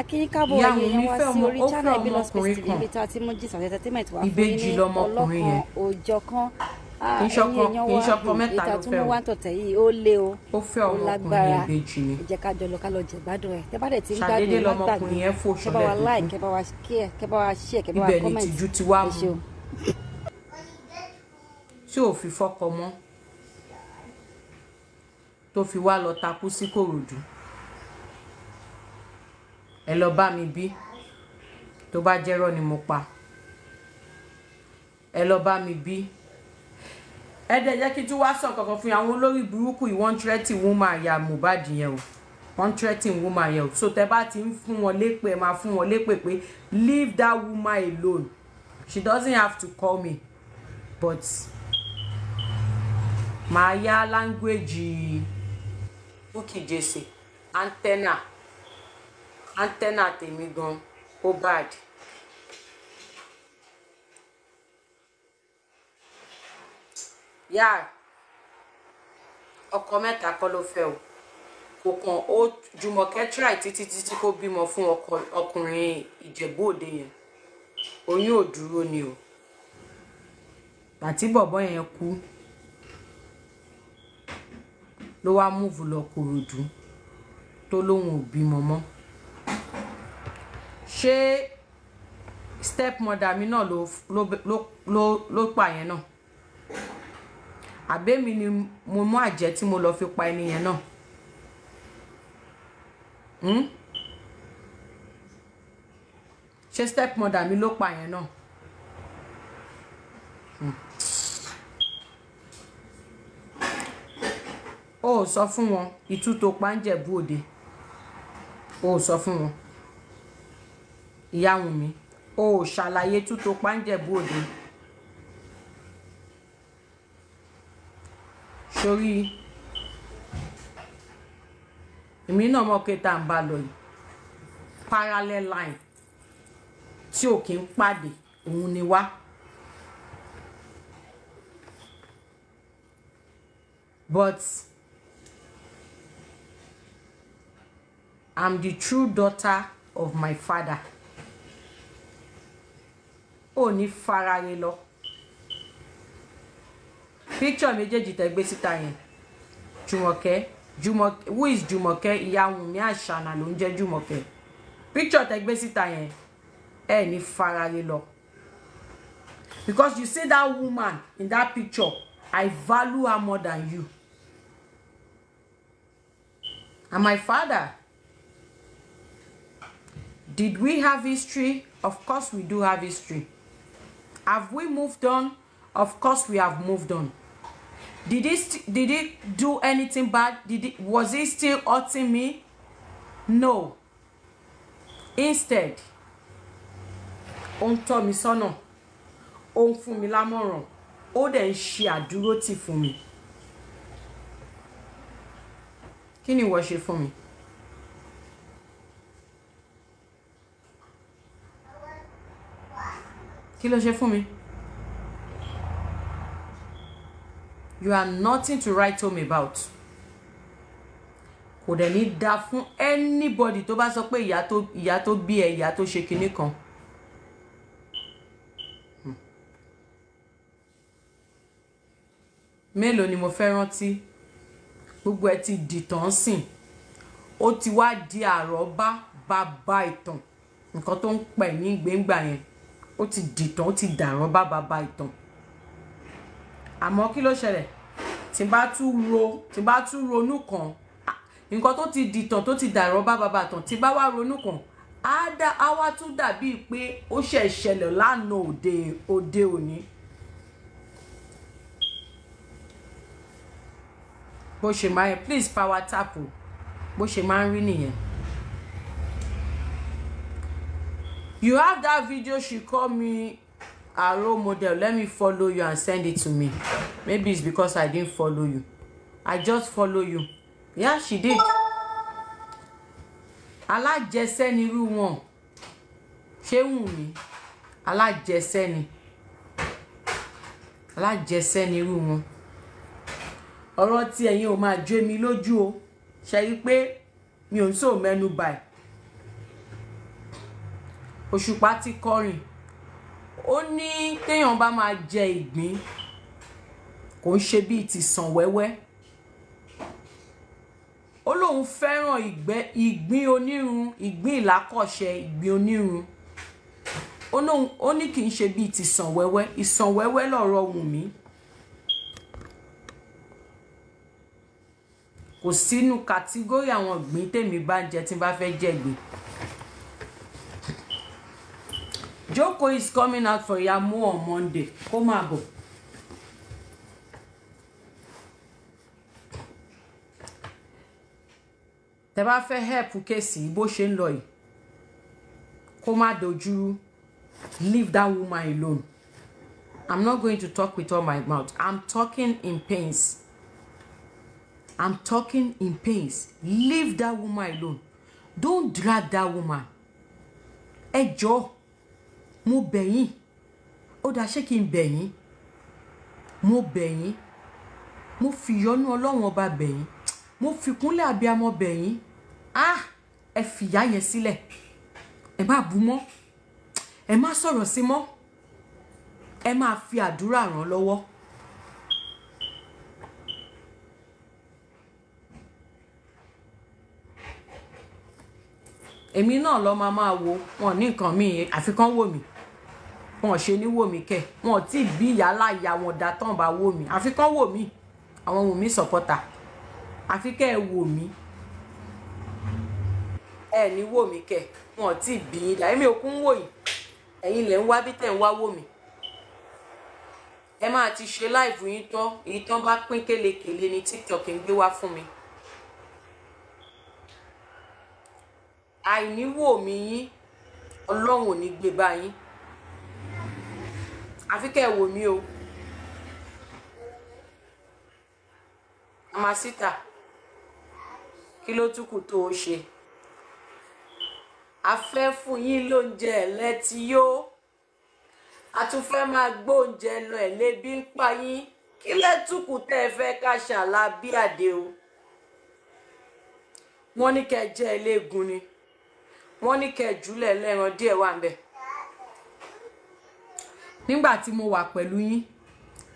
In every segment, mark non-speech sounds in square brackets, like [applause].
akínyíkábọ̀ ẹ̀yìn wá sí orí channel ìbílọ̀ space tv ibi tí a ti mú jísà entertainment wá fún yín ní ọlọ́kan òjọ̀kan ah, ìṣọkọ ìṣọkọ mẹ́ta ló fẹ́ o ìtàtúmọ̀wántọ̀tẹ̀ yìí ó lé o ó fẹ́ ọmọkùnrin ìbejì ni ìjẹ́ ká jọ lọ ká lọ jẹ gbádùn ẹ tẹ́ bá dẹ̀ ti ń gbádùn ẹ lágbàgbé kẹ́ bá wa like kẹ́ bá wa share kẹ́ bá wa share kẹ́ bá wa comment ibẹ̀ ni tìjú ti wá tí ò fi fọkọ mọ́ tó fi wá lọ takú sí Kòròdú ẹ lọ bá mi bí tó bá jẹ́rọ́ ni mo pa ẹ lọ bá mi bí ẹ dẹ̀ jẹ́ kí n tún sọ kankan fún àwọn olórí burúkú yìí wọ́n tírẹ́tì woman ya Mohbad yẹn o wọ́n tírẹ́tì woman yẹn o so tẹ́ bá ti ń fún wọn lépè máa fún wọn lépè pé leave that woman alone she doesn't have to call me but màá yá language ó kì í jèsè antenna antenna tèmi gan ó bad. yáà ọkọ mẹ́ta kọ́ ló fẹ́ o kò kàn ó jùmọ̀kẹ́ try títí títí kó bímọ fún ọkùnrin ìjẹ̀bú òde yẹn oyún ò dúró ni o bàtí bọ̀bọ́ yẹn kú ló wá múùfù lọ Kòròdú tó lóun ò bímọ mọ́ ṣé stepmother mi náà ló ló ló ló pa yẹn náà àbẹ́mi ni mo mú àjẹ́ tí mo lọ fi pa ẹni yẹn náà. Hmm? ṣé stepmother mi ló pa yẹn náà hmm. o ò sọ fún wọn ìtú tó pa ń jẹ̀bú òde o sọ fún wọn ìyá Wùnmí o ò ṣàlàyé tútò páńjẹ̀bú òde sórí èmi náà mọ̀ pé tá à ń bá lọ yìí parallel line tí ò kí ń pàdé òun ni wá. But I'm the true daughter of my father ò ní faraye lọ picture méjèèjì tẹ́ gbé síta yẹn Jùmọ̀kẹ́ Jùmọ̀kẹ́ who is Jùmọ̀kẹ́ ìyá Wùnmí Àṣànà ló ń jẹ́ Jùmọ̀kẹ́ picture tẹ́ gbé síta yẹn ẹ ní faraye lọ because you see that woman in that picture I value her more than you and my father did we have history of course we do have history Have we moved on? Of course we have moved on. Did he, did he do anything bad? Did he, was he still hurting me? No. Instead, ó ń tọ́ mi sọ́nà, ó ń fún mi lámọ̀ràn, ó dẹ̀ ń ṣe àdúrótì fún mi. Kí ni ìwọ ṣe mi? kí ló ṣe fún mi you are nothing to write home about kò dẹ̀ ní da fún anybody tó bá sọ pé ìyá tó ìyá tó bí ẹ ìyá tó ṣe kinní kan. Hmm. mélòó ni mo fẹ́ rántí gbogbo ẹ ti dìtàn sìn ó ti wá di àròbá bàbá ìtàn nǹkan tó ń pẹ̀ ní gbẹ̀ngbà yẹn ó ti dìtàn ó ti dàrán bábàbà ìtàn àmọ́ kí ló ṣẹlẹ̀ tí bá tún ro tí n bá tún ronú kan nǹkan tó ti dìtàn tó ti dàrán bábàbà ìtàn tí bá wá ronú kan ada awa tún dàbí pé ó ṣe ìṣẹ̀lẹ̀ lánàá òde òde òní. bó ṣe máa yẹ please power tap o bó ṣe máa ń rí nìyẹn. you have that video she called me a role model let me follow you and send it to me maybe it's because i didn't follow you i just follow you yeah she did I like irú wọn ṣé wù mí I like alájẹsẹ́ ni irú wọn ọ̀rọ̀ tí ẹ̀yin ò máa jó mi lójú o ṣe rí pé mi ò ń sọ mẹ́nu báyìí òṣùpá ti kọrin ó ní téèyàn bá máa jẹ ìgbín kò ń ṣe bíi ti sàn wẹ́wẹ́ ó lóun fẹ́ràn ìgbín onírun ìgbín ìlákọ̀ṣẹ ìgbín onírun ó ní kì í ṣe bíi ti sàn wẹ́wẹ́ ìsàn wẹ́wẹ́ lọ̀rọ̀ wù mí kò sínú kàtígórì àwọn ìgbín tèmi bá ń jẹ tí n bá fẹ́ jẹ ìgbín Joko is coming out for Yamu on Monday. Come máa bọ̀. Tẹ bá fẹ́ help kéèsì bó ṣe ń lọ yìí. Kó leave that woman alone. I'm not going to talk with all my mouth. I'm talking in pains. I'm talking in pains. Leave that woman alone. Don't drag that woman. Ẹ Joe mo bẹ̀ yín ó dáa ṣé kí n bẹ̀ mo bẹ̀ mo fi ìyọ́nú ọlọ́run ọba bẹ̀ mo fi kúnlẹ̀ abiyamọ bẹ̀ ah ẹ fìyà yẹn sílẹ̀ ẹ má bú mọ́ ẹ má sọ̀rọ̀ sí mọ́ ẹ máa fi àdúrà ràn lọ́wọ́. èmi náà lọ máa máa wo wọn ní nǹkan míì àfikán wò mí wọn ò ṣe ní wò mí kẹ wọn ò tí ì bí ìyá láyà wọn dá wo mi wò mí wo mi. wò mí àwọn wò mí sọpọta àfi kẹ ẹ wò mí ẹ ní wò mí kẹ wọn ò tí ì bí ìyá èmi ò kún wò yìí ẹ̀yin lẹ ń wá bí tẹ ń wá wò mí ẹ máa ti ṣe láìfù yín tiktok ń gbé wá fún mi. àìníwò mi yín ọlọ́run ò ní gbé bá àfi kẹ́ ẹ wò mí o masita kí ló tún kù tó o ṣe a fẹ́ fún yín lóúnjẹ ẹ̀lẹ́tí yó a tún fẹ́ máa gbóúnjẹ lọ ẹ̀ lébi ń pa yín kí lẹ́tùkù tẹ́ ẹ fẹ́ ká ṣàlà o wọ́n ní kẹ́ ẹ jẹ́ ẹlẹ́gùn ni wọ́n ní kẹ́ ẹ jùlẹ̀ lẹ́ran díẹ̀ wà ń bẹ̀ nígbà tí mo wà pẹ̀lú yín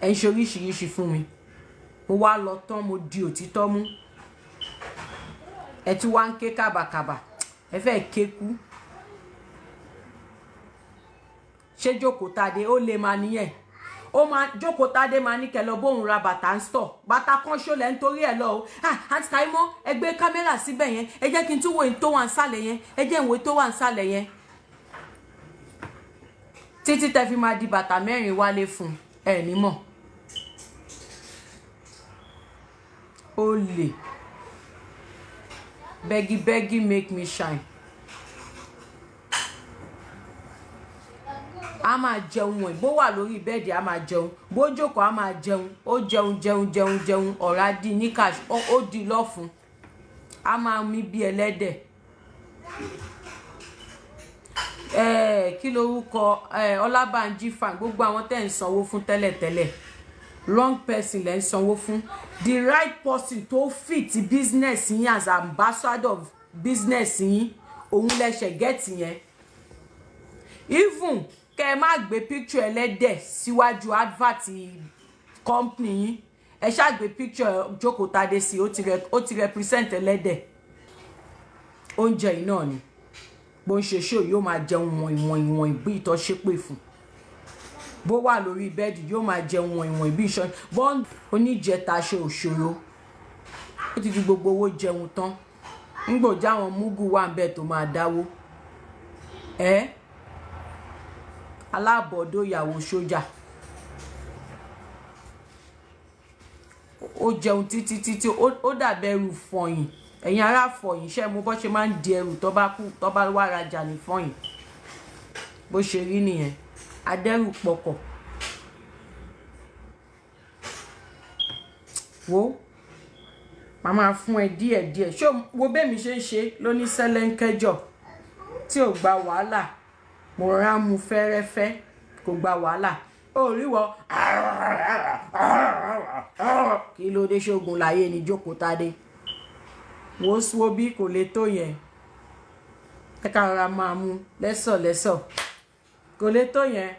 ẹ̀ ń ṣe oríṣiríṣi fún mi mo wá lọ tán mo di òtítọ́ mú ẹ tún wá ń ké kàbàkàbà ẹ fẹ́ ké kú ṣé jókòtadé ó lè máa nìyẹn ó máa jókòtadé máa ní kẹlọ bóun ra bàtà ń stọ bàtà kan ṣọlẹ nítorí ẹ lọ o àti ah, Kàímọ́ ẹ gbé kámẹ́rà síbẹ̀ yẹn ẹ jẹ́ kí n tún wo ìtò wà ń sàlẹ̀ yẹn ẹ jẹ́ ìwé tó wà ń sàlẹ̀ yẹn títí tẹ fi máa di bàtà mẹ́rin wálé fún ẹ nímọ̀ olè bẹ́gí bẹ́gí make me shine a máa jẹun wọ̀nyí bó wà lórí bẹ́ẹ̀dì a máa jẹun bó jókòó a máa jẹun ó jẹun jẹun jẹun jẹun ọ̀rá di ní cash ó di lọ́fun a máa mí bí ẹlẹ́dẹ̀ kí lorúkọ ọlábànjí fan gbogbo àwọn tẹ́ ń sanwó fún tẹ́lẹ̀tẹ́lẹ̀ wrong person lẹ́ ń sanwó fún the right person tó fit business yín as ambassador of business yín òun lẹ́sẹ̀ get yẹn even kẹ́ ẹ má gbé picture ẹlẹ́dẹ̀ síwájú advert company yín ẹ ṣáà picture jókòó tadé sí ó ti represent ẹlẹ́dẹ̀ oúnjẹ yìí náà ni bó ń ṣe ṣó yóò máa jẹun wọ̀n ìwọ̀n ìwọ̀n ìbí ìtọ́ ṣépè fún bó wà lórí bẹ́ẹ̀dì yóò máa jẹun wọ̀n ìwọ̀n ìbí ìṣọ́ bó ń oníjẹta ṣe òṣòro ó ti fi gbogbo owó jẹun tán ńgbò jáwọn múgù wà ń bẹ tó máa dáwó ẹ alábọ̀ọ́dọ̀ ìyàwó sójà ó jẹun títí títí ó dàbẹ̀rù fọyín ẹ̀yin ará fọyín ṣe mo bọ́ ṣe máa ń di ẹrù tó bá kú tó bá wá rajà ní fọyín bó ṣe rí nìyẹn adẹ́rù pọkọ̀ wo màá máa fún ẹ díẹ̀ díẹ̀ ṣé wo bẹ́ẹ̀ mi ṣe ń ṣe lóní sẹ́lẹ̀ńkẹ́jọ tí ò gba wàhálà mo rán mu fẹ́rẹ́fẹ́ kò gba wàhálà oríwọ kí ló dé ṣógun láyé ni jókòó tá a dé wo wo bí kò lè tó yẹn ẹ ká rọra máa mú lẹ́sọ̀lẹ́sọ̀ kò lè tó yẹn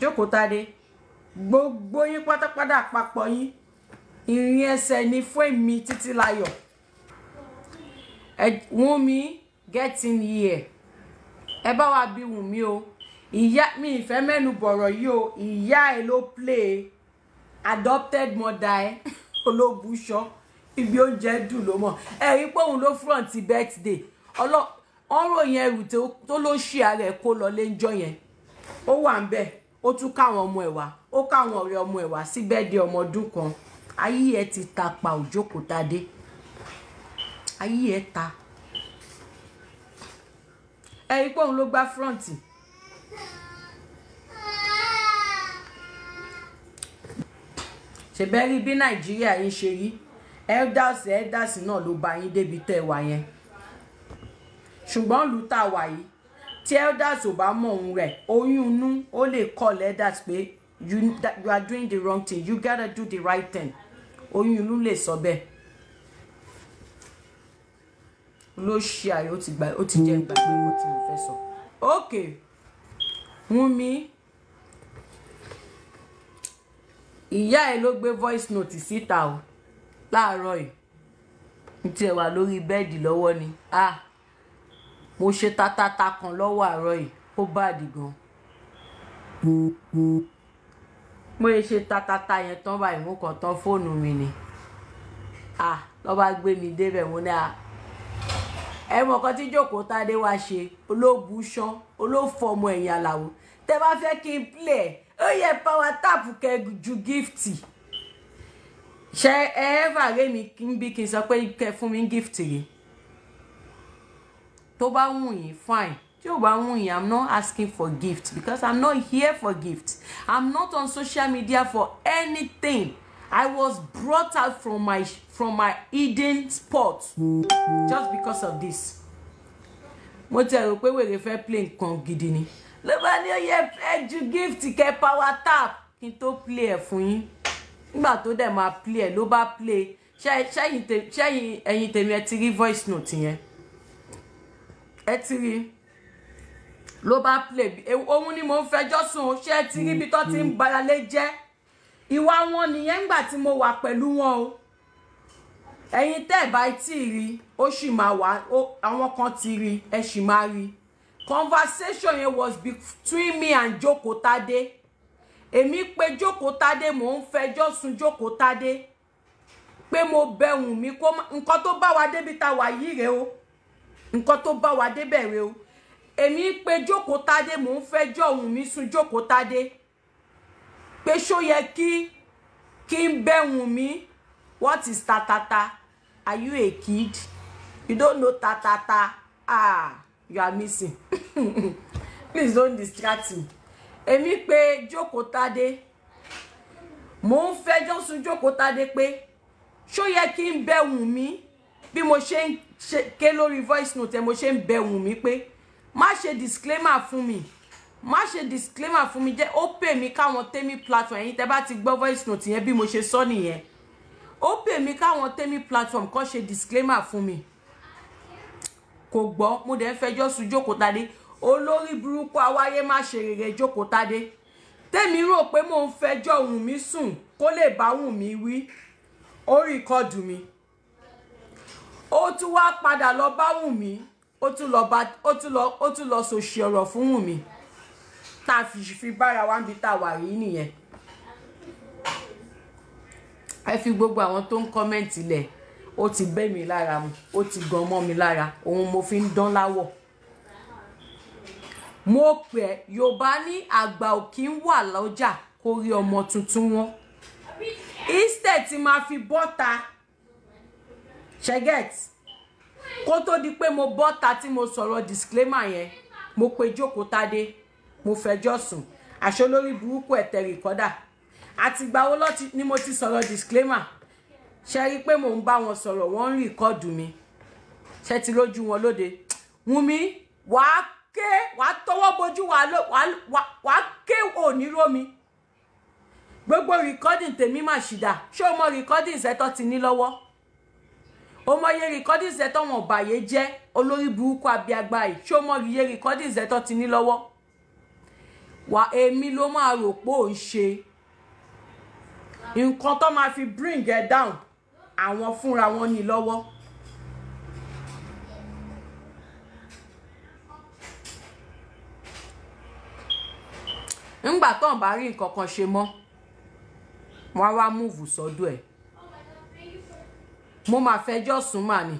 jókòó tadé gbogbo yín pátápátá àpapọ̀ yín ìrìn ẹsẹ̀ ni fún èmi títí láyọ̀ ẹ Wùnmí get in here ẹ bá wa bí Wùnmí o ìyá mi ìfẹ́ mẹ́nu bọ̀rọ̀ yìí o ìyá ẹ ló play adopted mother ẹ [laughs] olóbùṣọ́ ibi oúnjẹ dùn ló mọ̀ ẹ̀rí pé òun ló front birthday ọ̀rọ̀ yẹn ẹrù tó ló ṣe ara ẹ̀ kó lọ léńjọ́ yẹn ó wà ń bẹ̀ ó tún káwọn ọmọ ẹ̀ wá ó káwọn ọ̀rẹ́ ọmọ ẹ̀ wá sí birthday ọmọ ọdún kan ayé ẹ̀ ti ta pa òjókòtà dé ayé ẹ̀ ta ẹ̀rí pé òun ló gbá front. ṣèbẹ́rí bí nàìjíríà yìí ṣe yìí elders elders náà ló bá yín débi tẹ́ wà yẹn ṣùgbọ́n ìlú tá a wà yìí tí elders ò bá mọ òun rẹ̀ oyún inú ó lè call elders pé you, you are doing the wrong thing you gotta do the right thing oyún inú lè sọ bẹ́ẹ̀ ló ṣe àyè ó ti gbà ó ti jẹ́ ìgbàgbé wọn tí mo fẹ́ sọ. ok Wúnmi ìyá ẹ ló gbé voice note síta o láàárọ̀ yìí n tiẹ̀ wà lórí bẹ́ẹ̀dì lọ́wọ́ ni ah mo ṣe tatata kan lọ́wọ́ àárọ̀ yìí ó bàdì gan mo yẹ ṣe tatata yẹn tán báyìí mo kàn tán fóònù mi ni ah lọ́ bá gbé mi débẹ̀ mo ní ah ẹ mọ̀ kan tí jókòó tádé wá ṣe olóòbùṣán olóòfọmọ ẹ̀yìn àlàó tẹ bá fẹ́ kí n play ẹ ó yẹ power tap kẹ ju gíftì ṣé ẹ ẹ́fà ré mi níbi kí n sọ pé kẹ fún mi gift yìí tó bá wù yín fine tí ò bá wù yín i'm not asking for gift because i'm not here for gift i'm not on social media for anything i was brought out from my from my hidden spot just because of this mo ti rò pé wèrè fẹ́ play nǹkan gidi ni ló bá ní ó yẹ ẹ ju gift kẹ power tap kí n tó play ẹ̀ fún yín nígbà tó dẹ̀ máa play ẹ̀ ló bá play ṣẹ́yìn ẹ̀yìn tèmi ẹ ti rí voice note yẹn ẹ ti rí ló bá play òun ni mo ń fẹjọ́ sùn ṣé ẹ ti rí ibi tó ti ń baralé jẹ́ ìwà wọn nìyẹn nígbà tí mo wà pẹ̀lú wọn o ẹ̀yin tẹ́ ẹ̀ bá tí ì rí ó sì máa wà àwọn kan ti rí ẹ sì máa rí conversation yẹn was between me and Joko Tade èmi pé jókòó tádé mò ń fẹjọ́ sùn jókòó tádé pé mo bẹ̀wùn mi kó nǹkan tó bá wa débi ta wà yìí rèé o nǹkan tó bá wa débẹ̀ rèé o èmi pé jókòó tádé mò ń fẹjọ́ òun mi sùn jókòó tádé pé ṣó yẹ kí kí n bẹ̀wùn mi what is tatata are you a kid you don't know tatata ah you are missing [laughs] please don't distract me èmi pé jókòtadé mò ń fẹjọ́ sùn jókòtadé pé ṣó yẹ kí n bẹ Wùnmí bí mo ṣe ń ké lórí voice note ẹ mo ṣe ń bẹ Wùnmí pé má ṣe disclaimer fún mi má ṣe disclaimer fún mi jẹ́ ó pè mí káwọn tèmi platform ẹ̀yin tẹ́ bá ti gbọ́ voice note yẹn bí mo ṣe sọ nìyẹn ó pè mí káwọn tèmi platform kan ṣe disclaimer fún mi kò gbọ́ mo dẹ̀ ń fẹjọ́ sùn jókòtadé olórí burúkú awáyé má ṣe rere jókòó tádé tèmi rò pé mò ń fẹjọ́ wùn mí sùn kó lè bá wùn mí wí orí kọdù mi ó tún wá padà lọ bá wùn mí ó tún lọ bá ó tún lọ ó tún lọ sòṣì ọ̀rọ̀ fún wùn mí tá a fi fi bára wa níbi tá a wà yìí nìyẹn ẹ fi gbogbo àwọn tó ń kọ́mẹ́ǹtì lẹ̀ ó ti bẹ́ mi lára ó ti gan mọ́ mi lára òun mo fi ń dán láwọ̀ mo pè é yorùbá ní àgbà ò ń wà lọ́jà kó rí ọmọ tuntun wọn instead ti máa fi bọ́ta ṣẹ́gẹ́t kó tó di pé mo bọ́ta tí mo sọ̀rọ̀ disclaimer yẹn mo pe jókòó tádé mo fẹjọ́ sùn àṣọ lórí burúkú ẹ̀tẹ̀ rìkọ́dà àtìgbà wo lọ́ti ni mo ti sọ̀rọ̀ disclaimer ṣe rí i pé mò ń bá wọn sọ̀rọ̀ wọ́n ń rìkọ́dù mi ṣe ti lójú wọn lóde Wùmí wàá ké wàá tọwọ́ bojú wàá ké òní rómi gbogbo recording tèmi mà ṣì dà ṣé o mọ recording ṣẹtọ ti ní lọ́wọ́ o mọ iye recording ṣẹtọ wọn bàyè jẹ́ olórí burúkú abiagba yìí ṣé o mọ iye recording ṣẹtọ ti ní lọ́wọ́ wà èmi ló máa rò pé ò ń ṣe nǹkan tó máa fi bring ẹ down àwọn fúnra wọn ní lọ́wọ́. ńgbà tó ń bá rí nǹkan kan ṣe mọ́ wọ́n á wá múùfù sọ́dọ̀ ẹ̀ mo máa fẹjọ́ sùn mà ni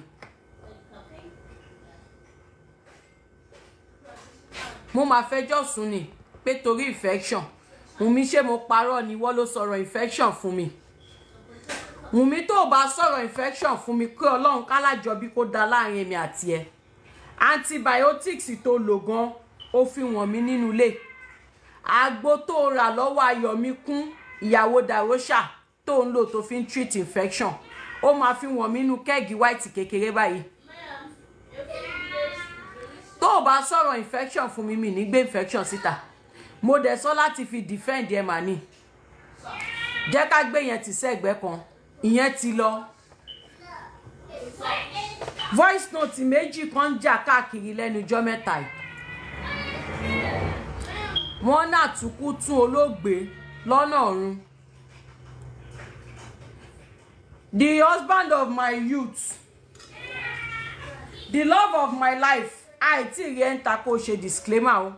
mo máa fẹjọ́ sùn ni pé torí infection Wùnmí ṣé mo parọ́ ni wọ́n ló sọ̀rọ̀ infection fún mi Wùnmí tó o bá sọ̀rọ̀ infection fún mi pé ọlọ́run kálájọbí kó da láàrin èmi àti ẹ antibiotics tó lò gan ó fi wọ̀n mí nínú ilé àgbo tó rà lọ́wọ́ ayọ̀míkún ìyàwó dàrósà tó ń lò tó fi ń treat infection ó máa fi wọ̀n mí inú kẹ́ẹ̀gì white kékeré báyìí tó o bá sọ̀rọ̀ infection fún mi mi ní gbé infection síta mo dẹ̀ sọ láti fi defend ẹ̀ màní jẹ́ ká gbé yẹn ti sẹ́gbẹ́ kan ìyẹn ti lọ voice note méjì kan ń jà káàkiri lẹ́nu ọjọ́ mẹ́ta yìí wọ́n nàtúkú tún olóògbé lọ́nà ọ̀run. The husband of my youth, the love of my life, àìtí rí ẹ́ńtà kó ṣe disclaimer o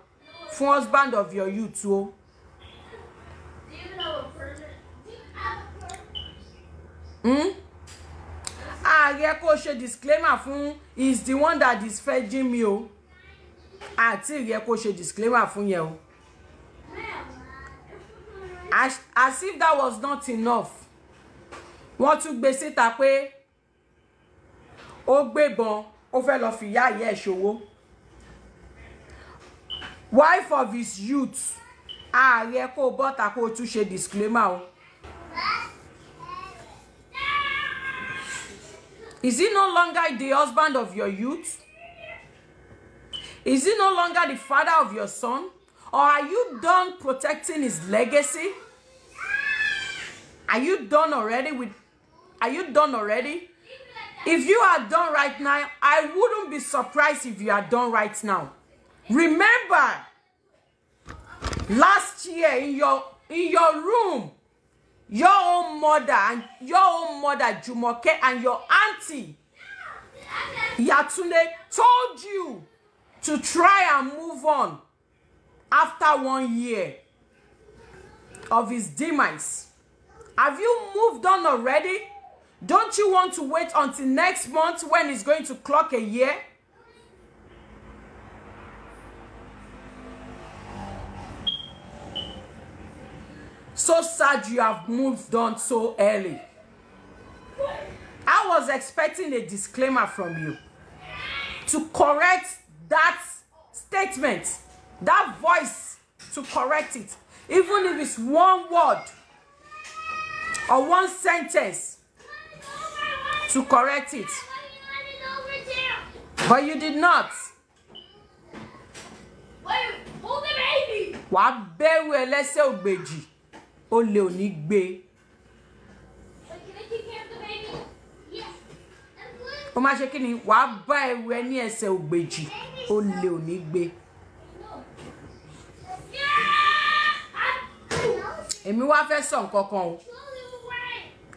fún husband of your youth o. Hmm? ààrẹ kó ṣe disclaimer fún is the one that is fetching me o àti ìrẹ kó ṣe disclaimer fún yẹn o as, as if that was not enough wọ́n tún gbé síta pé ó gbébọn ó fẹ́ lọ fìyà ìyá ẹ̀ ṣòwò wife of his youth ààrẹ kó bọ́ta kó tún ṣe disclaimer o. Is he no longer the husband of your youth? Is he no longer the father of your son? Or are you done protecting his legacy? Are you done already with are you done already? If you are done right now, I wouldn't be surprised if you are done right now. Remember, last year in your in your room, your own mother and your own mother Jumoke and your auntie Yatunde told you to try and move on after one year of his demise. Have you moved on already? Don't you want to wait until next month when it's going to clock a year? So sad you have moved on so early. I was expecting a disclaimer from you to correct that statement, that voice, to correct it. Even if it's one word, or one sentence to correct it. But you did not. Wait, hold the baby. Wàá bẹ̀rù ẹlẹ́sẹ̀ ògbèjì, olè ò ní gbé. Ó máa ṣe kí ni wàá bá ẹrù ẹ ní ẹsẹ̀ ògbèjì, olè ò ní gbé. Èmi wá fẹ́ sọ nǹkan kan o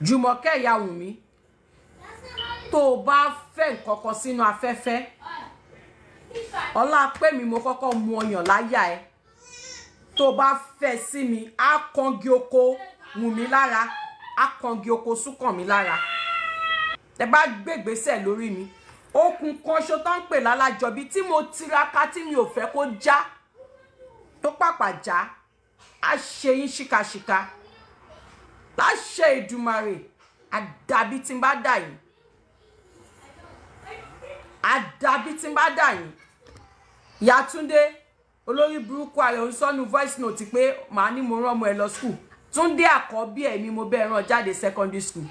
jùmọ̀kẹ́ ìyá wùmí tó o bá fẹ́ nǹkan sínú afẹ́fẹ́ ọlá pé mi mo kọ́kọ́ mu ọyàn láyà ẹ tó bá fẹ́ sí mi á kangi oko wùmí lára á kangi oko súnkàn mi lára ẹ bá gbègbèsẹ̀ lórí mi okùn kan ṣo tó ń pè lálàjọbí tí mo tiraka tí mi ò fẹ́ kó já tó pàpà já á ṣe yín ṣíkaṣíka láṣẹ ìdùmarè àdàbí tí n bá dà yìí àdàbí tí n bá dà yìí ìyá túndé olórí burúkú ayọ̀ ń voice note pé màá ní mo rán ọmọ ẹ lọ school Tunde akobi ẹ̀ ni mo bẹ́ẹ̀ rán jáde secondary school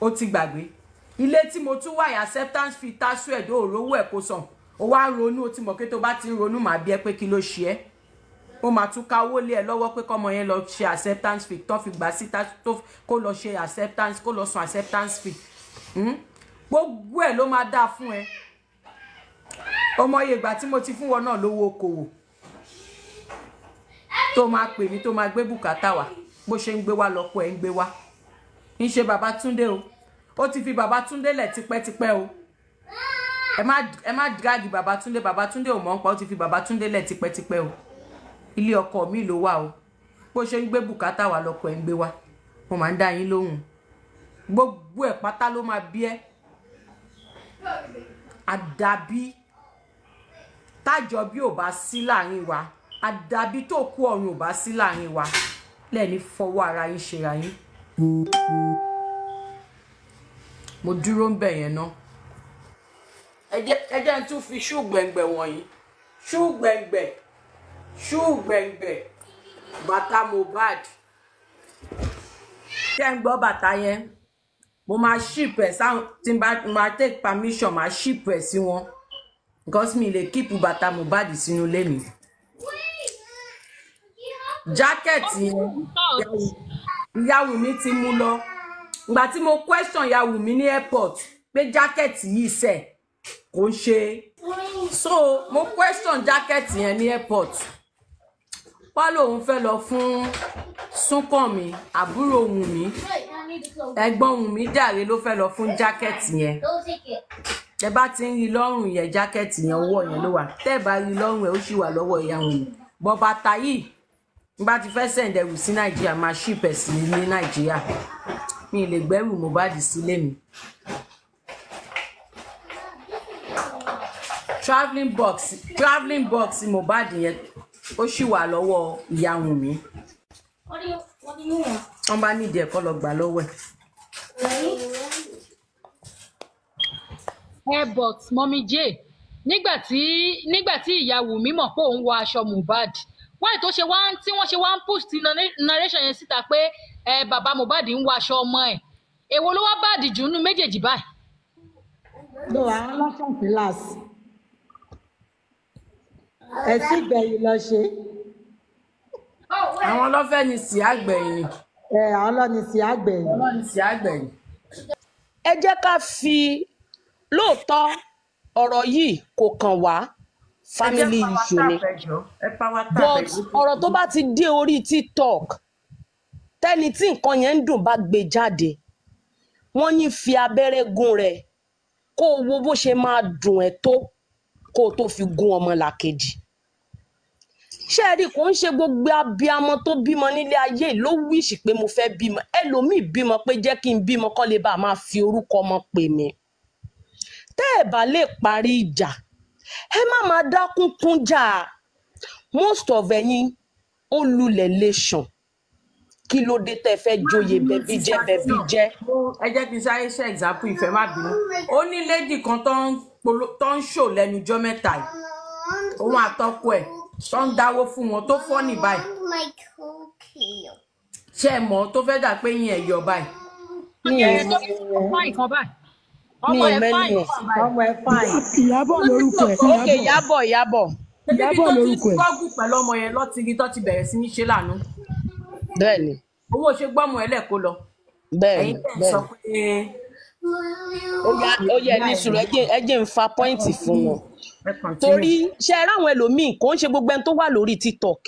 ó ti gbàgbé ilé tí mo tún wáyà acceptance fee tásù do òróró ẹ̀ kó sàn ó wá ronú ó ti mọ̀ pé tó bá ti ń ronú màá bí ẹ pé kí ló ṣe ó máa kawo káwó lé ẹ lọ́wọ́ pé kọ́mọ yẹn lọ ṣe acceptance fee tó fi gbà síta tó kó lọ ṣe acceptance ko lọ san acceptance fee hmm? gbogbo ẹ ló máa dáa fún ẹ ọmọ iye ìgbà tí mo ti fún wọn náà lówó okòwò tó máa pè mí tó máa gbé bùkátà wá bó ṣe ń gbé wá lọ́pọ̀ ẹ̀ ń gbé wá ń ṣe Babátúndé o ó ti fi Babátúndé lẹ̀ tipẹ́tipẹ́ o ẹ má ẹ má dírágì Babátúndé Babátúndé ò mọ̀ ń pa ó ti fi Babátúndé lẹ̀ tipẹ́tipẹ́ o ilé ọkọ mi ló wà o bó ṣe ń gbé bùkátà wà lọkọ ẹ ń gbé wa mo máa ń dá yín lóhùn gbogbo ẹ pátá ló máa bí ẹ àdàbí tájọbí ò bá sí láàrin wa àdàbí tó kú ọrùn ò bá sí láàrin wa lẹ́ni fọwọ́ ara yín ṣera yín mo dúró ń bẹ̀ yẹn náà ẹ jẹ́ ń tún fi ṣú gbẹ̀ngbẹ̀ wọ̀nyí ṣú gbẹ̀ngbẹ̀ ṣùù gbẹ̀ngbẹ̀ bàtà Mohbad tẹ́ ń gbọ́ bàtà yẹn mo máa ship ẹ̀ sáwọn tí n bá máa take permission máa ship ẹ̀ sí wọn because mi lè keep bàtà Mohbad sínú ilé mi jákẹ́ẹ̀tì ìyàwó mi ti mú lọ ìgbà tí mo question ìyàwó mi ní airport pé jacket yìí sẹ̀ kò ń ṣe so mo question jacket yẹn ní airport wá lòun fẹ́ lọ fún súnkànmí àbúrò Wùnmí ẹ̀gbọ́n Wùnmí dàre ló fẹ́ lọ fún jákẹ́ẹ̀tì yẹn tẹ bá ti ń rí lọ́rùn yẹn jákẹ́ẹ̀tì yẹn ọwọ́ yẹn ló wà tẹ́ bá rí lọ́rùn ẹ̀ ó sì wà lọ́wọ́ ìyá Wùnmí bọ́ bàtà yìí bá ti fẹ́ sẹ̀ǹdẹ̀ wù sí nàìjíríà máa ṣìpẹ̀ sí ní nàìjíríà mi lè gbẹ́rù Mohbad sílé mi. travelling box travelling box Mohbad yẹn ó sì wà lọ́wọ́ ìyá wùn mí wọ́n bá nídìí ẹ̀kọ́ lọ gbà lọ́wọ́ ẹ̀. airbot mọ́mí j nígbà tí nígbà tí ìyá wùmí mọ̀ pé òun wọ aṣọ Mohbad wáyé tó ṣe wá tí wọ́n ṣe wá ń post narration yẹn síta pé ẹ bàbá Mohbad ń wọ aṣọ ọmọ ẹ̀ èwo ló wá bá àdìjú nínú méjèèjì báyìí. ló wàá lọ́sàn-án pílàsì ẹ sì gbẹ̀yìn lọ ṣe. àwọn ọlọ́fẹ́ ni sì àgbẹ̀yìn. ẹ àwọn ọlọ́ni sì àgbẹ̀yìn. ọlọ́ni sì àgbẹ̀yìn. ẹ jẹ́ ká fi lóòótọ́ ọ̀rọ̀ yìí kò kàn wá family issue ni but ọ̀rọ̀ tó bá ti dé orí tiktok tẹ́ni tí nǹkan yẹn ń dùn bá gbé jáde wọ́n ní fi abẹ́rẹ́ gún rẹ̀ kó o wo bó ṣe máa dùn ẹ́ tó kó o tó fi gún ọmọ làkejì ṣé ẹ rí kò ń ṣe gbogbo abiyamọ tó bímọ nílé ayé ló wíṣì pé mo fẹ́ bímọ ẹlòmíì bímọ pé jẹ́ kí n bímọ kọ́ lè bá a máa fi orúkọ ọmọ pè mí tẹ́ ẹ̀ bá lè parí ìjà ẹ má máa dákún kún jà most of ẹ̀yin ó lulẹ̀ lè ṣàn kí ló dé tẹ́ fẹ́ joyè bẹbí jẹ bẹbí jẹ. ẹ jẹ́ kí n sáré ṣe example ìfẹ́ má bínú ó ní lady kan tó tó ń ṣò lẹ́nu jọ́ mẹ́ta yìí òun àtọ́kọ ẹ̀ tó ń dáwó fún wọn tó fọ́ ní báyìí ṣe é mọ́ tó fẹ́ dà pé yín ẹ̀ yọ báyìí. mi ò mọ ọmọ ẹ fáìn. ìyábọ̀ lórúkọ ẹ̀ ìyábọ̀. ìyábọ̀ ìyábọ̀. ìyábọ̀ lórúkọ ẹ̀. gbọ́gùn pẹ̀lú ọmọ yẹn lọ́tí igi tó ti bẹ̀rẹ̀ sí ní ṣe lànà. bẹ́ẹ̀ni. owó ṣe gbọ́mọ ẹlẹ́kọ̀ọ́ lọ. bẹ́ẹ̀ni bẹ́ẹ̀ni. ẹ̀yin tẹ̀ sọ pé ó yẹ ní sùúrù ẹ jẹ́ fa pointi fún wọn torí ṣe é ráwọn ẹlòmíín kò ń ṣe gbogbo ẹni tó wà lórí tiktok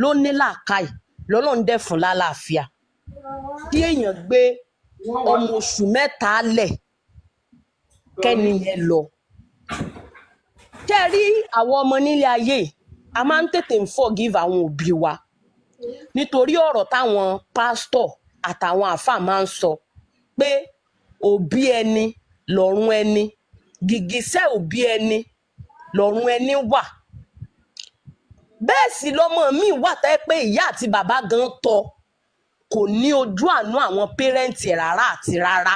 ló ní làákàyè lọ́lọ́ ń dẹ̀fún lálàáfíà kí èèyàn gbé ọmọ oṣù mẹ́ta lẹ̀ kẹ́ni lọ ṣe rí àwọn ọmọ nílé ayé a máa ń tètè ń forgive àwọn òbí wa nítorí ọ̀rọ̀ táwọn pásítọ̀ àtàwọn àfà máa ń sọ pé òbí ẹni lọ́rùn ẹni gìgísẹ̀ òbí ẹni lọ́rùn ẹni wà bẹ́ẹ̀ sì lọ́mọ mi wà tẹ́ pé ìyá àti bàbá gan tọ́ kò ní ojú àánú àwọn pẹ́rẹ́ǹtì rárá àti rárá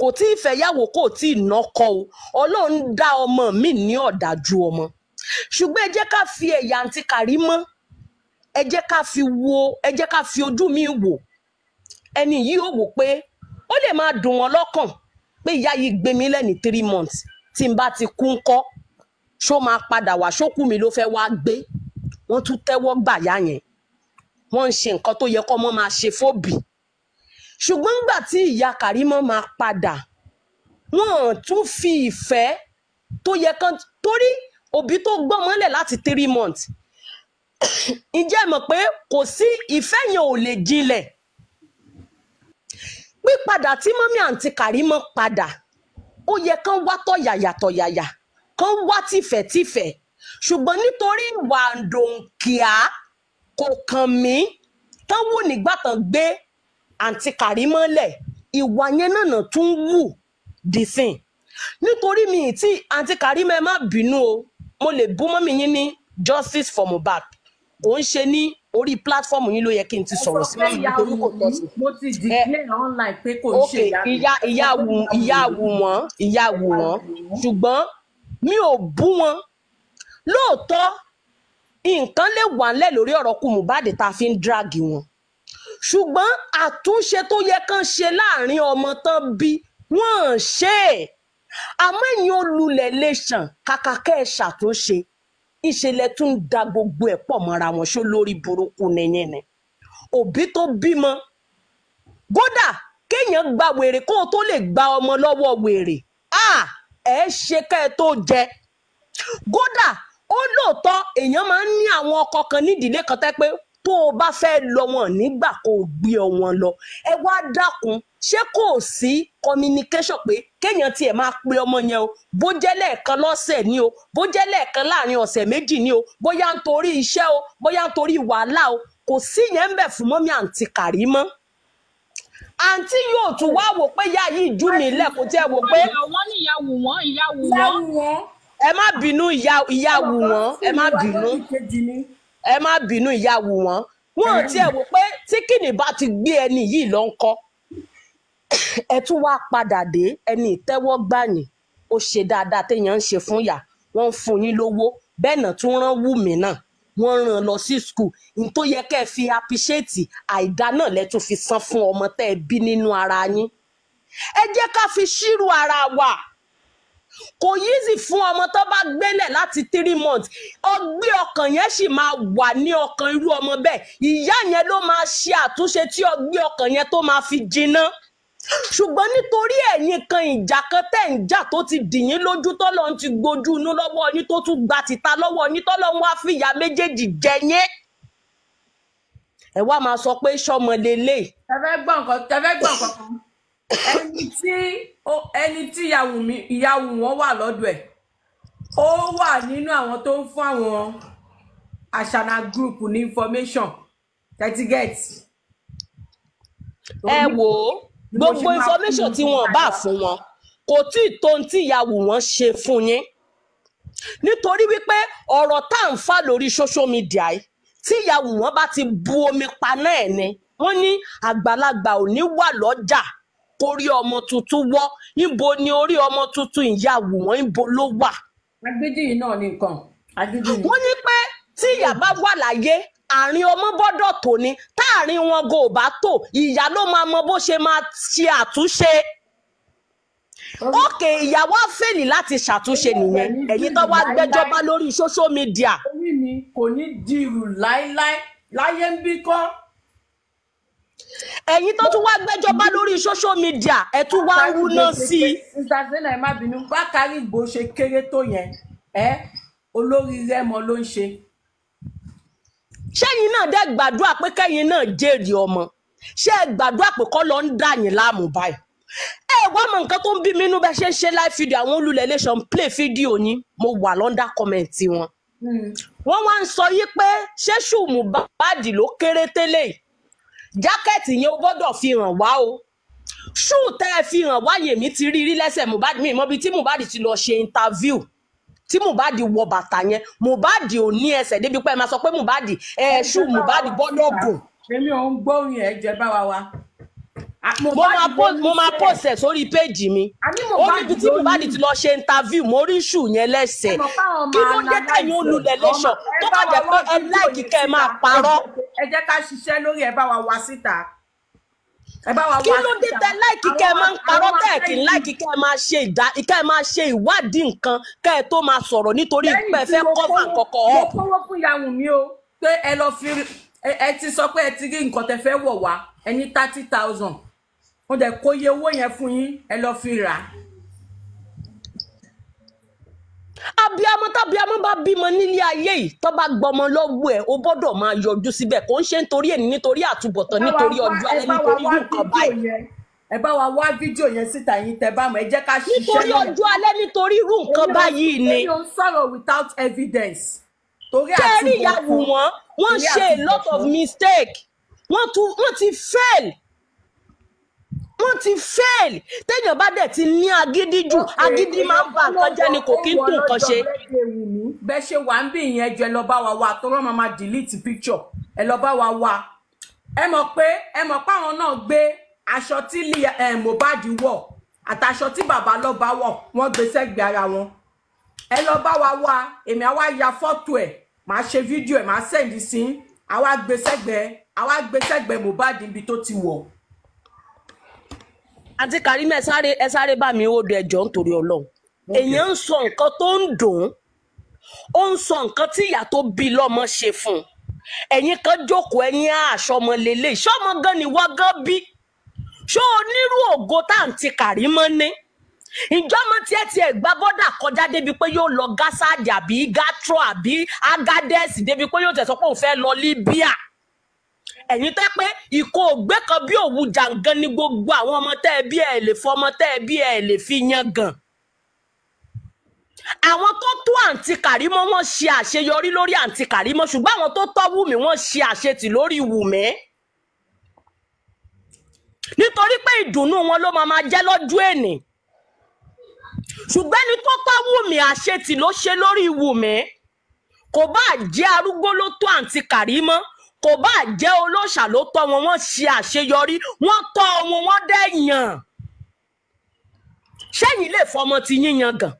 kò tí ì fẹ́yàwó kò tí ì nọ́kọ o ọlọ́run dá ọmọ mi ní ọ̀dájú ọmọ ṣùgbọ́n ẹ jẹ́ ká fi ẹ̀yà àǹtí kàrí mọ́ ẹ jẹ́ ká fi wo ẹ jẹ́ ká fi ojú mi wò ẹni yìí ò wò pé ó lè máa dùn wọ́n lọ́kàn pé ìyá yìí gbé mi lẹ́ni three months tí n bá ti kú ń kọ́ ṣó máa padà wá ṣókù mi ló fẹ́ wá gbé wọ́n tún tẹ́wọ́ gbà yá yẹn wọ́n ń ṣe nǹkan tó yẹ kọ́ mọ́ máa ṣe fóbì ṣùgbọ́n nígbà tí ìyá Karimo máa padà wọ́n tún fi ìfẹ́ tó yẹ kan torí òbí tó gbọ́n mọ́lẹ̀ láti three months [coughs] ǹjẹ́ mọ̀ pé kò sí ìfẹ́ yẹn ò lè jinlẹ̀ pípadà tí mọ́mí àǹtí Karimo padà ó yẹ kán wá tọ̀yàyà tọ̀yàyà kán wá tìfẹ́tìfẹ́ ṣùgbọ́n nítorí ìwà àǹdòǹkìá kò kàn mí tán wù nígbà tán gbé àǹtí Karimo lẹ̀ ìwà yẹn náà tún wù dìsìn nítorí mi tí àǹtí Karimo ẹ má bínú o mo lè bú mọ́mí yín ní justice for Mohbad kò ń ṣe ní orí platform yín ló yẹ kí n ti sọ̀rọ̀ sí mi nítorí kò tọ́ sí. mo ti declare online pé kò ń ṣe ìyá ìyá wù ìyá wù wọ́n ìyá wù wọ́n ṣùgbọ́n mi ò bú wọn lóòótọ́ nǹkan lè wà ńlẹ̀ lórí ọ̀rọ̀ kù Mohbad tá a fi ń dragi wọn ṣùgbọ́n àtúnṣe tó yẹ kán ṣe láàrin ọmọ tán bí wọ́n ṣe àmọ́ ẹ̀yin olùlẹ̀ lè ṣàn kàkà kẹ́ ẹ̀ ṣàtúnṣe ìṣẹ̀lẹ̀ tún da gbogbo ẹ̀ pọ̀ mọ́ra wọn ṣó lórí burúkú nìyẹn ni òbí tó bímọ kódà kéèyàn gba wèrè kó o tó lè gba ọmọ lọ́wọ́ wèrè ẹ ṣe ká ẹ tó jẹ kódà ó lóòótọ́ èèyàn máa ń ní àwọn ọkọ kan nídìílé kan tẹ́ pé tó o bá fẹ́ lọ wọn nígbà kó o gbé ọ wọn lọ ẹ wá dákun ṣé kò sí communication pé kéèyàn tiẹ̀ máa pe ọmọ yẹn o bó jẹ́ lẹ́ẹ̀kan lọ́sẹ̀ ni o bó jẹ́ lẹ́ẹ̀kan láàrin ọ̀sẹ̀ méjì ni o bóyá ń torí iṣẹ́ o bóyá ń torí wàhálà o kò sí yẹn ń bẹ̀ fún mọ́mí àǹtí Karimo àǹtí yóò tún wá wò pé yá yìí jú mi lẹ́kò tí ẹ wò pé. ẹ má bínú ìyá wù wọ́n ẹ má bínú ìyá wù wọ́n wọn ò tiẹ̀ wò pé tí kìnìún bá ti gbé ẹni yìí lọ ẹ tún wáá padà dé ẹni ìtẹ́wọ́gbà ni ó ṣe dáadáa téèyàn ń ṣe fún yà wọ́n ń fún yín lówó bẹ́ẹ̀ náà tún rán Wùmí náà wọ́n ràn lọ sí skul ní tó yẹ kẹ́ ẹ fi apíṣẹ́ẹ̀tì àìdá náà lẹ́tún fi san fún ọmọ tẹ́ ẹ bí nínú ara yín ẹ jẹ́ ká fi ṣírò ara wa kò yíìsì fún ọmọ tó bá gbélẹ̀ láti three months ọgbẹ́ ọkàn yẹn sì máa wà ní ọkàn irú ọmọ bẹ́ẹ̀ ìyá yẹn ló máa ṣe àtúnṣe tí ọgbẹ́ ọkàn yẹn tó máa fi jinná ṣùgbọ́n nítorí ẹ̀yin kan ìjà kan tẹ̀ ń jà tó ti dìyín lójú tọ́lọ́ ti gbojú inú lọ́wọ́ yín tó tún gba tìta lọ́wọ́ yín tọ́lọ́ wá fìyà méjèèjì jẹ ẹ wá máa sọ pé sọmọ lélẹ̀. tẹfẹ gbọ́ nǹkan tẹfẹ gbọ́ kan ẹni tí ẹni tí ìyàwó mi ìyàwó wọn wà lọ́dọ̀ ẹ̀ ó wà nínú àwọn tó ń fún àwọn àṣàna group ní information thirty get. ẹ wò ó gbogbo information tí wọn bá fún wọn kò tí ì tó ohun tí ìyàwó wọn ṣe fún yín nítorí wípé ọ̀rọ̀ tá à ń fà lórí social media yìí tí ìyàwó wọn bá ti bu omi paná ẹ̀ ni wọ́n ní àgbàlagbà ò ní wà lọ́jà kó rí ọmọ tuntun wọ́ níbo ni orí ọmọ tuntun ìyàwó wọn níbo ló wà. agídí náà nìkan. wọ́n ní pé tí ìyá bá wà láyé àárín ọmọ gbọ́dọ̀ tò ní táàrin wọn go ò bá tò ìyá ló máa mọ bó ṣe máa ṣe àtúnṣe ókè ìyàwó àfẹ́lì láti ṣàtúnṣe nìyẹn ẹ̀yin tó wá gbẹ́jọ́ lórí social media. orí mi kò ní dirù láéláé láyé ń bí kọ́. ẹ̀yin tó tún wá gbẹ́jọ́ lórí social media ẹ̀ tún wá ń wúná sí i. sísá sẹ́nà ẹ̀ má bínú bákàrí ìgbò ṣe kéré tó yẹn ẹ́ olórí rẹ́mọ ló ń ṣe ṣẹ́yìn náà dẹ́ gbàdúrà pé kẹ́yìn náà jèrè ọmọ ṣé ẹ gbàdúrà pé kọ́ lọ ń dà yín láàmú báyìí ẹ wá mọ nǹkan tó ń bí mi inú bẹ́ẹ̀ ṣe ń ṣe live video àwọn olùlẹ̀lẹ́sàn play fídíò yín mo wà lọ́ndà kọ́mẹ̀ntì wọn hmm. wọ́n wá ń sọ yí pé ṣé ṣùmù bàbáàdì ló kéré tẹ́lẹ̀ jákẹ́ẹ̀tì yẹn ó gbọ́dọ̀ fi hàn wá o ṣùù tẹ́ ẹ fi hàn wá yèmí ti rí rí lẹ́sẹ̀ Mohbad mi ìmọ̀bi tí Mohbad ti lọ ṣe interview tí Mohbad wọ bàtà yẹn Mohbad ò ní ẹsẹ̀ débi pé ẹ máa sọ pé Mohbad ẹ̀ṣù Mohbad gbọ́dọ̀ gùn. èmi ò ń gbóhùn ẹ̀ jẹ́ bá wa wa. mo máa post ẹ̀ sórí péjì mi ó níbi tí Mohbad ti lọ ṣe interview mo rí ṣù yẹn lẹ́sẹ̀ kí ló dé tẹ̀yìn olùlẹ̀ lẹ́sọ̀ tó bá jẹ́ pé ẹ láìkí kẹ́ ẹ máa parọ́. ẹ jẹ́ ká ṣiṣẹ́ lórí ẹ bá wa wá síta kí ló dé tẹ láìkí kẹ ẹ máa ń parọ́ tẹ ẹ kì í láìkí kẹ ẹ máa ṣe ìdá kẹ ẹ máa ṣe ìwádìí nǹkan kẹ tó máa sọ̀rọ̀ nítorí pé fẹ́ kọ́fà kọ̀kọ̀ mo kọ́wọ́ fún ìyàwó mi o pé ẹ lọ fi ẹ ti sọ pé ẹ ti rí nǹkan tẹ fẹ́ wọ̀ wá ẹ ní thirty thousand mo dẹ̀ kó iye owó yẹn fún yín ẹ lọ fi rà á abiamọ tábiamọ bá bímọ nílé ayé yìí tó bá gbọmọ lọ́wọ́ ẹ̀ ó gbọ́dọ̀ máa yọjú síbẹ̀ kò ń ṣe nítorí ẹ̀ nítorí àtúbọ̀tán nítorí ọjọ́ alẹ́ nítorí nǹkan báyìí ẹ bá wa wá fídíò yẹn síta yín tẹ bá mọ ẹ jẹ́ ká ṣiṣẹ́ lọ nítorí ọjọ́ alẹ́ nítorí irú nǹkan báyìí ni èmi ò without evidence torí àtúbọ̀tán kẹrí ìyàwó wọn wọ́n ṣe a lot of mistake wọ́n ti fail wọ́n ti fail téèyàn bá dẹ̀ ti ní agídí jù agídí máa ń ba nǹkan jẹ́ ni kò kí ń tún nǹkan ṣe. bẹ́ẹ̀ ṣe wà ń bí ìyẹn jẹ́ lọ bá wa wa tó rán máa delete picture ẹ lọ bá wa wa ẹ mọ̀ pé ẹ mọ̀ pé àwọn náà gbé aṣọ tí Mohbad wọ̀ àtàṣọ tí bàbá lọ́ba wọ̀ wọ́n gbé sẹ́gbẹ̀ẹ́ ara wọn ẹ lọ bá wa wa èmi àwa ya fọ́tò ẹ̀ màá ṣe fídíò ẹ̀ màá sẹ́ǹdì sí àwa gbé sẹ́gbẹ̀ẹ́ àwa gbé sẹ́gbẹ̀ẹ́ Mohbad níbi tó ti wọ̀ àti Karim ẹ sáré ẹ sáré bá mi ó do ẹjọ́ nítorí Ọlọ́run èèyàn ń sọ nǹkan tó ń dùn ó ń sọ nǹkan tí ìyá tó bí lọ́mọ ṣe fún un ẹ̀yin kan jókòó ẹ̀yin àṣọmọ lélẹ̀ ìṣọmọ gan ni wọ́n gan bí ṣó onírú ògo tá à ń ti Karim ní ìjọmọ tí ẹ ti ẹ gbá bọ́dà kọjá débi pé yóò lọ gásàdì àbí gátro àbí agadẹ́sì débi pé yóò tẹ̀sán pé òun fẹ́ lọ Libya ẹ̀yin tẹ́ pé ìkó ògbé kan bí òwú jàǹgàn ni gbogbo àwọn ọmọ tẹ́ ẹ bí ẹ lè fọmọ tẹ́ ẹ bí ẹ lè fi yan gàn àwọn tó tó àǹtí kàrímọ́ wọ́n ṣe àṣeyọrí lórí àǹtí kàrímọ́ ṣùgbọ́n àwọn tó tọ́ wùmí wọ́n ṣe àṣetì lórí wùmí nítorí pé ìdùnnú wọn ló máa máa jẹ́ lọ́dún èní ṣùgbọ́n ẹni tó tọ́ wùmí àṣetì ló ṣe lórí wùmí kò bá jẹ́ arúgbó ló tó àǹtí kàrímọ́ kò bá jẹ́ olóòṣà ló tọ́ wọn wọ́n ṣe àṣeyọrí wọ́n tọ́ wọn wọ́n dẹ́yàn ṣẹ́yìn lè fọmọ ti yíyan gan.